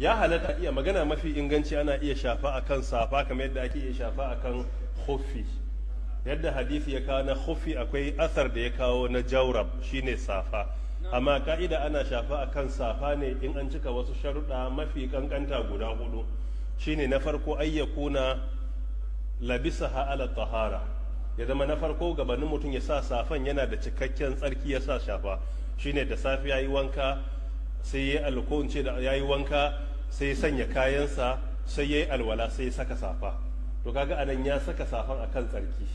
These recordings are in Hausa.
ya halatta iya magana mafi inganci ana iya shafa akan safa kamar yadda ake iya shafa akan khuffi yadda hadisi ya kawo na hufi akwai asar da ya kawo na jaurab shine safa amma ka'ida ana shafa akan safa ne in an cika wasu sharuɗa mafi kankanta guda hudu shine na farko ayyakuna ha ala tahara ya zama na farko gabanin mutum ya sa safan yana da cikakken tsarki ya sa shafa shine da safi ya yi wanka sai ya yi ce da yi wanka sai sanya kayansa sai ya yi alwala sai ya saka safa to kaga anan ya saka safan akan tsarki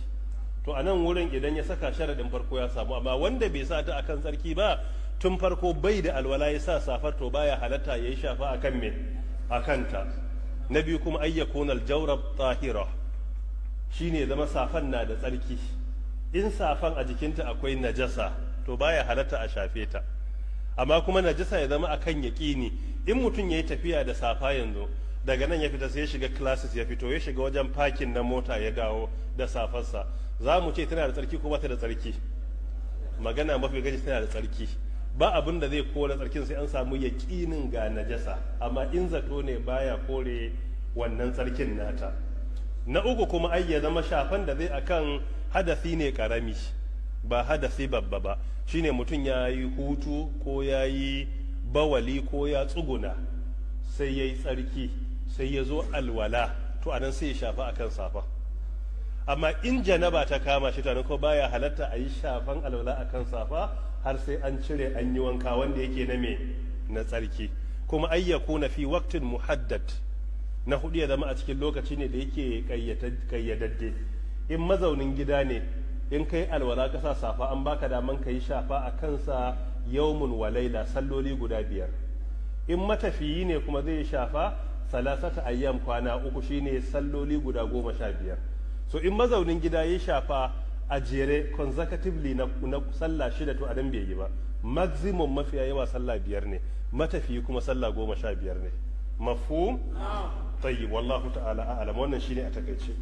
to a nan wurin idan ya saka sharadin farko ya samu amma wanda bai sa ta akan tsarki ba tun farko bai da alwala ya sa safar to baya halatta ya yi shafa akan me akan ta na biyu kuma ayyakun aljaurab tahira shine zama safan na da tsarki in safan a jikinta akwai najasa to baya halatta a shafe ta amma kuma najasa ya zama akan yaƙini in mutum ya yi tafiya da safa yanzu daga nan ya fita sai ya shiga classes ya fito ya shiga wajen parking na mota ya dawo da safarsa za mu ce tana da tsarki ko bata da tsarki magana mafi gaji tana da tsarki ba abin da zai kore tsarkin sai an samu yaƙinin ga najasa amma in zato ne baya kore wannan tsarkin nata na uku kuma ai ya zama shafan da zai akan hadafi ne karami ba hadasi babba ba shine mutum ya yi hutu ko ya yi bawali ko ya tsuguna sai ya yi tsarki sai ya zo alwala to anan sai ya shafa akan safa amma in janaba ta kama shi tare ko baya halatta a yi shafan alwala akan safa har sai an cire an yi wanka wanda yake na me na tsarki kuma ayyaku na fi waktin muhaddad na hudu ya zama a cikin lokaci ne da yake kayyadadde in mazaunin gida ne in kai alwala ka sa safa an baka daman ka yi shafa a kansa yawmun walaila salloli guda biyar in matafiyi ne kuma zai shafa salasata ayyam kwana uku shine salloli guda goma sha biyar so in mazaunin gida ya shafa a jere consecutively na, na sallah shida to adan bai yi ba maximum mafiya yawa sallah biyar ne matafiyi kuma sallah goma sha biyar ne mafhum tayyib wallahu ta'ala a'lam wannan shine a takaice